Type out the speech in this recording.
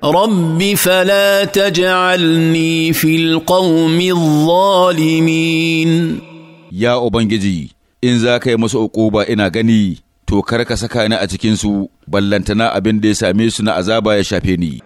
Rabbi رب فلا تجعلني في القوم الظالمين يا أوبنجي إن ذاك masu أقوبة ina gani, to kar ka saka ni a cikinsu ballantana abin da ya same su na azaba ya shafe ni.